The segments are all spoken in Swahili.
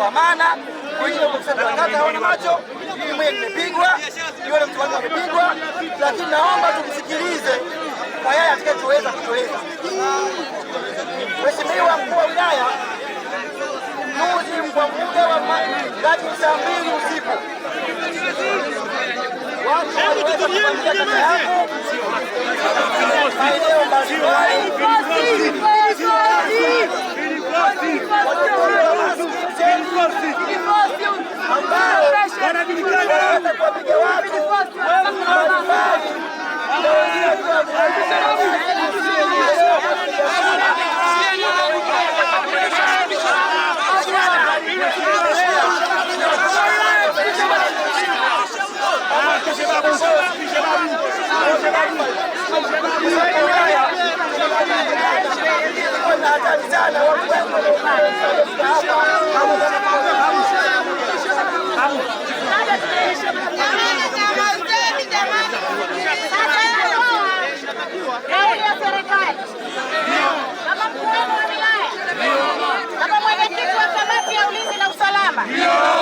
kwa maana wengine kutangaza hawana macho, imepigwa mwenyewe nimepigwa, yule mtu wangu amepigwa, lakini naomba tumsikilize kwa yeye atakachoweza kutueleza. Mheshimiwa mkuu wa wilaya, nuzi kwa muda wa mradi saa mbili usiku watu wanajulikana Chama.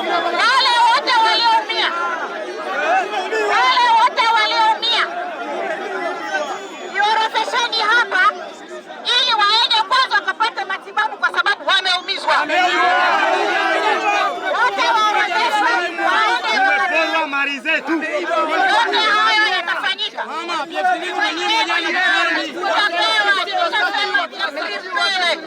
wale wote walioumia, wale wote walioumia niorodhesheni hapa, ili waende kwanza wakapate matibabu, kwa sababu wameumizwa.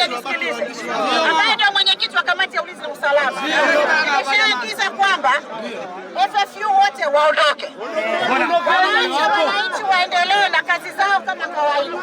ambaye ndio mwenyekiti wa kamati ya ulinzi na usalama, nimeshaagiza kwamba FFU wote waondoke, waache wananchi waendelee na kazi zao kama kawaida.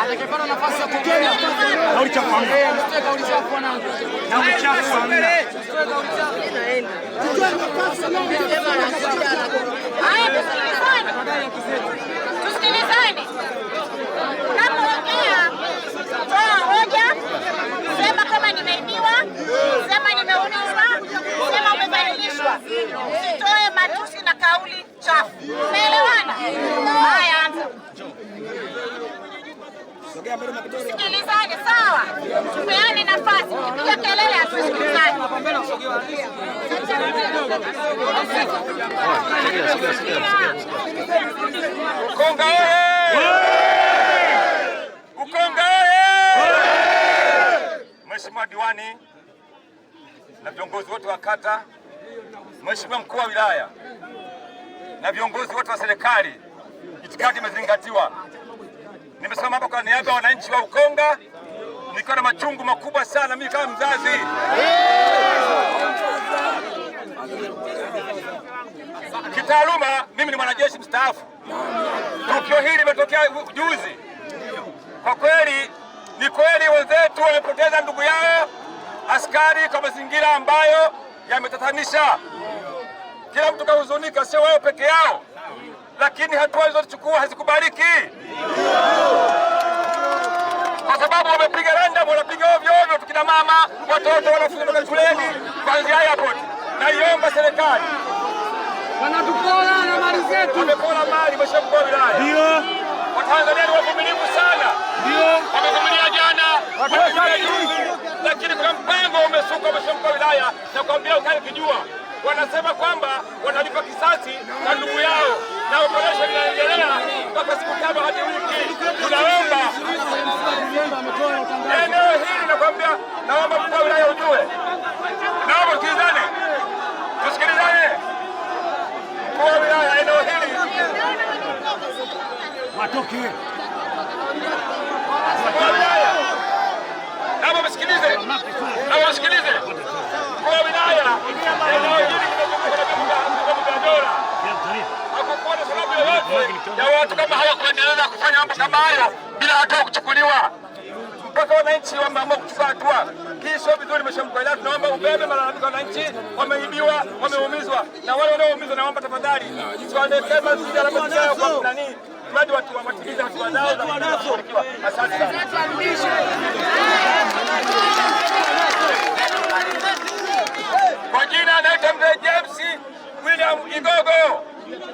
angepata nafasi ya toa hoja, sema kama nimeibiwa, sema nimeulizwa, sema umedhalilishwa, usitoe matusi na kauli chafu. Umeelewana? Haya tusikilizane, sawa, tupeane nafasi. Kipiga kelele hatusikilizani. Ukonga oye! Mheshimiwa diwani na viongozi wote wa kata, Mheshimiwa mkuu wa wilaya na viongozi wote wa serikali, itikadi imezingatiwa. Nimesema hapa kwa niaba ya wananchi wa Ukonga niko na machungu makubwa sana, mimi kama mzazi. Kitaaluma mimi ni mwanajeshi mstaafu. Tukio hili limetokea juzi. Kwa kweli, ni kweli wenzetu wamepoteza ndugu yao askari kwa mazingira ambayo yametatanisha. Kila mtu kahuzunika, sio wao peke yao, lakini hatua zilizochukua hazikubaliki. mama, watoto wanafunga shuleni kuanzia airport. Naiomba serikali, wanatupora na mali zetu, wamepora mali mwisho mkoa wilaya. Ndio Watanzania ni wavumilivu sana, ndio wamevumilia jana, lakini kuna mpango umesuka mwisho mkoa wilaya na kuambia ukae kijua, wanasema kwamba wanalipa kisasi na ndugu yao na operesheni inaendelea mpaka siku tano hadi wiki. Tunaomba eneo hili, nakwambia, naomba mkuu wa wilaya ujue, naomba tusikilizane, tusikilizane. Mkuu wa wilaya, eneo hili watoke naomba msikilize, naomba msikilize mkuu wa wilaya kuendelea kufanya mambo kama haya bila hatua kuchukuliwa mpaka wananchi wameamua kuchukua hatua. Kisho vizuri, Mheshimiwa tunaomba ubebe malalamiko ya wananchi, wameibiwa, wameumizwa, na wale wanaoumizwa, naomba tafadhali tuwaletee mazingira mazuri ya kwa nani mradi watu watimize hatua zao za kufanikiwa. Asante sana. Kwa jina anaitwa Mzee James William Igogo.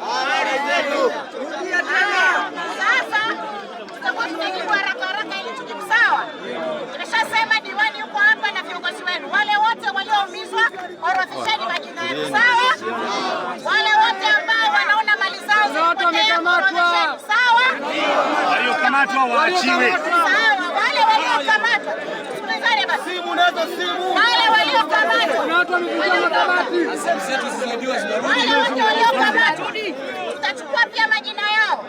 Habari zetu. Rudia tena. Sasa tutakuwa tunajibu haraka haraka ili tujibu sawa. Tumeshasema diwani yuko hapa na viongozi wenu, wale wote walioumizwa orofisheni majina yenu, sawa. Wale wote ambao wanaona mali zao zilipotea, orofisheni, sawa. Waliokamatwa waachiwe wale waliokamatwa tusikilizane basi. Simu nazo simu. Wale waliokamatwa. Kuna watu wamevunja kamati. zetu zinajua zinarudi. Wale wote waliokamatwa. Tutachukua pia majina yao.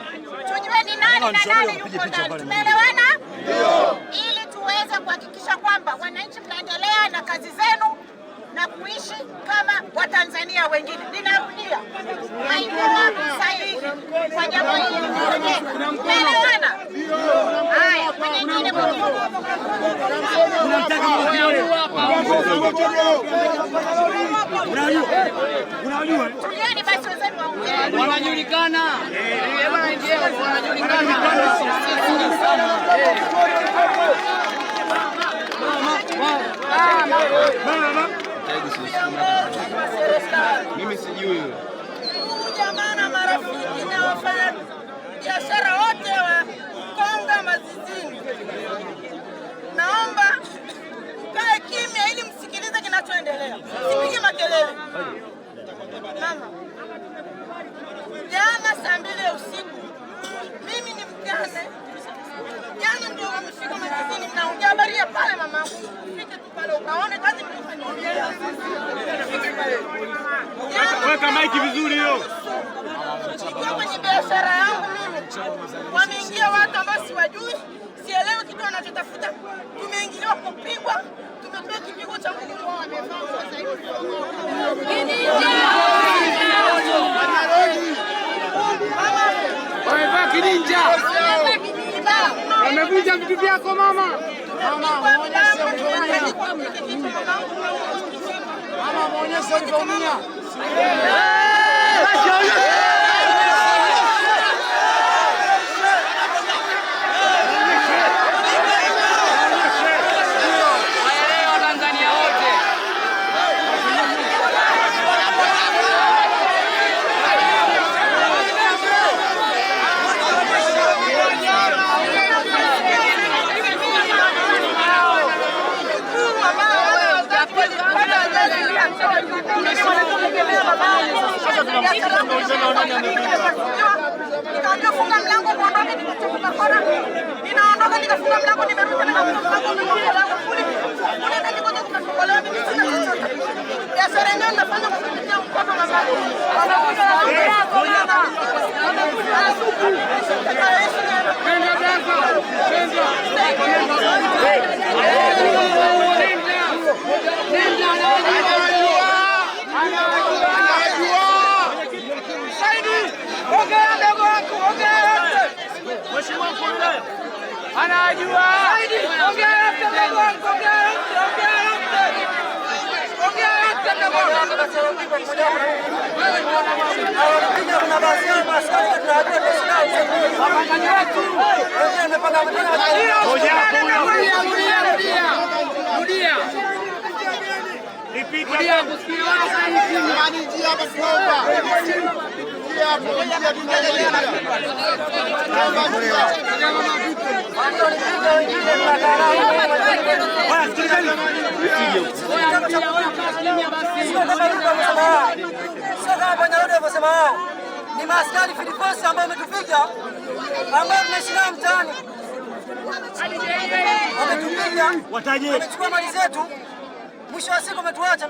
Tujue ni nani na nani yuko ndani. Tumeelewana? Ndio. Ili tuweze kuhakikisha kwamba wananchi mnaendelea na kazi zenu na kuishi kama Watanzania wengine. Ninarudia, haikuwa sahihi kwa jambo hili. Tunaelewana? Haya, tulieni basi, wenzenu wanajulikana shahidi mimi sijui huyo jamaa na marafiki na wafanya biashara wote wa konga Mazizini, naomba mkae kimya ili msikilize kinachoendelea, sipige makelele. Mama, jana saa mbili ya usiku mimi ni mjane Jana yaani ndio wamefika masikini, mnaunjabaria pale mama, fike tu pale ukaone kazi mliofanya. Yaani Weka maiki vizuri hiyo. Nilikuwa kwenye biashara yangu mimi, wameingia watu ambao siwajui, sielewi kitu wanachotafuta. Tumeingiliwa kupigwa, tumepewa kipigo cha nguvu, wamevaa kininja Wamevunja vitu vyako mama. Mama, muonyeshe ulivyoumia. Mama, muonyeshe ulivyoumia. nikafunga mlango ninaondoka, nikafunga mlango, nimerudi Mheshimiwa Mfulule anajua. Rudia kusikiliza. Sema ni maaskari filiposi ambayo ametupiga ambayo tunashinda mtaani, ametupiga, amechukua mali zetu, mwisho wa siku ametuacha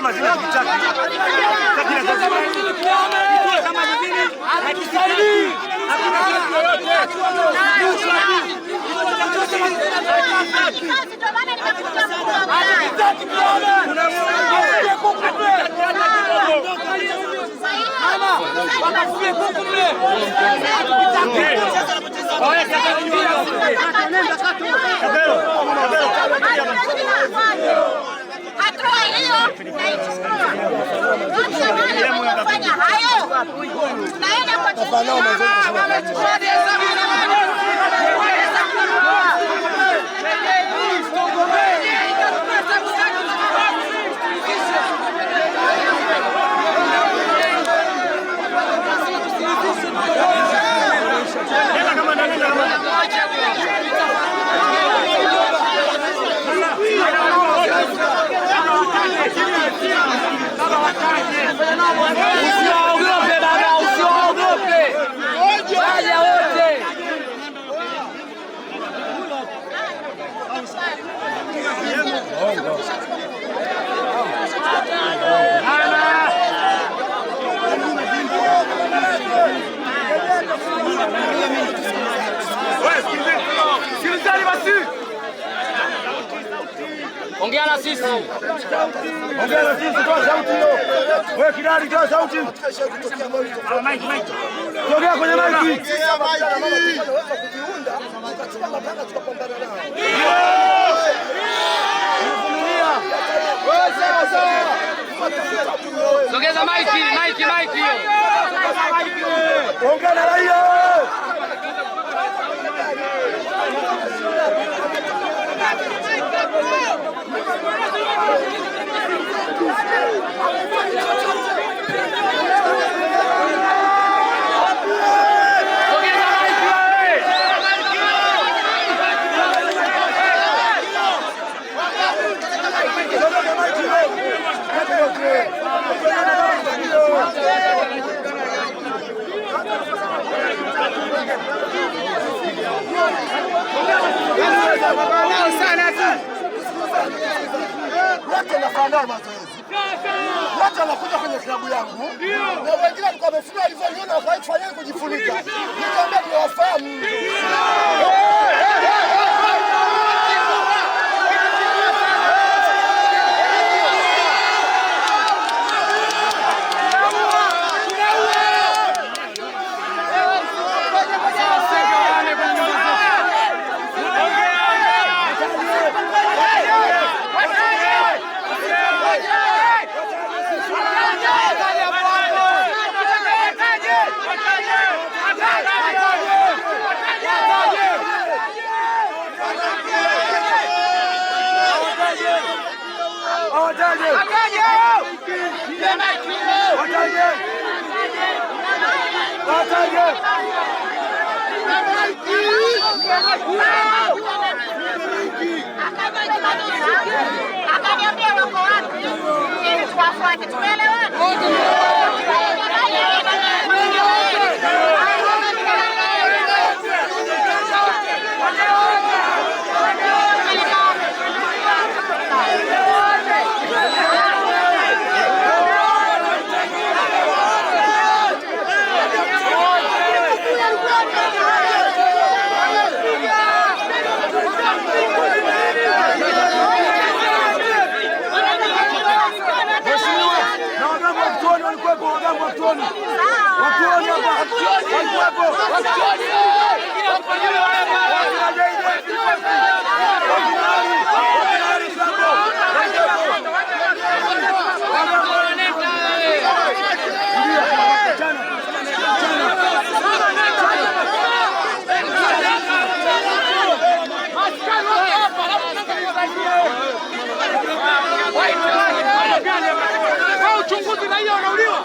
heshima zile zikitaka kama zingine hatusaidii Thank you hatua hiyo naichukua. Wamshamana wanaofanya hayo tunaenda kwa ¡Vamos! ¡Vamos! Ongea na sisi. Ongea na sisi kwa sauti hiyo. Wewe kidari kwa sauti. Ongea kwenye maiki. Sogeza maiki, maiki, maiki. Ongea na raia. Let's go! हटाइए हटाइए Acabei de ver o colar. Eles passam aqui, tu é levado. Uchunguzi na hiyo wanauliwa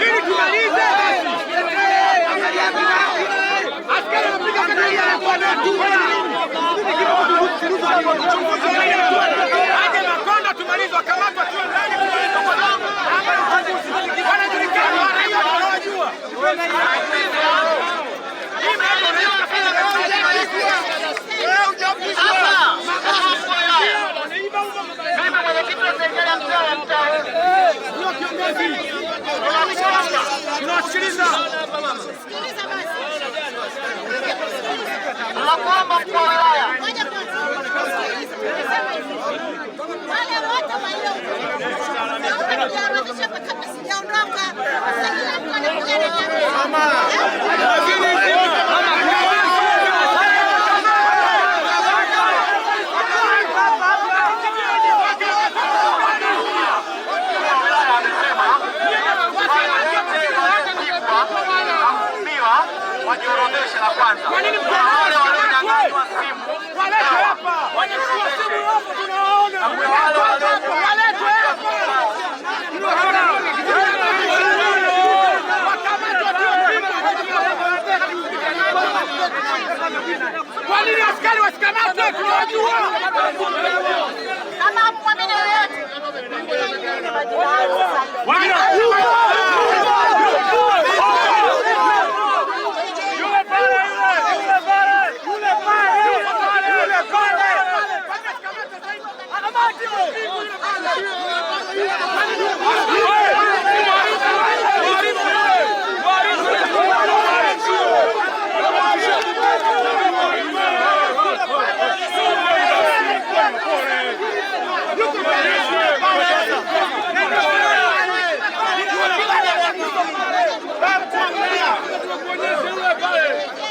ili tumalize askari wanapiga kambi ya aje Makonda tumalize wakamatwa tu ndani wanajulikana, wanajua Tunawasikiliza na kwamba mkuu wa wilaya wale wote walioaamisha kabla sijaondoka, lakini kwanza wale walionyang'anywa simu Coño,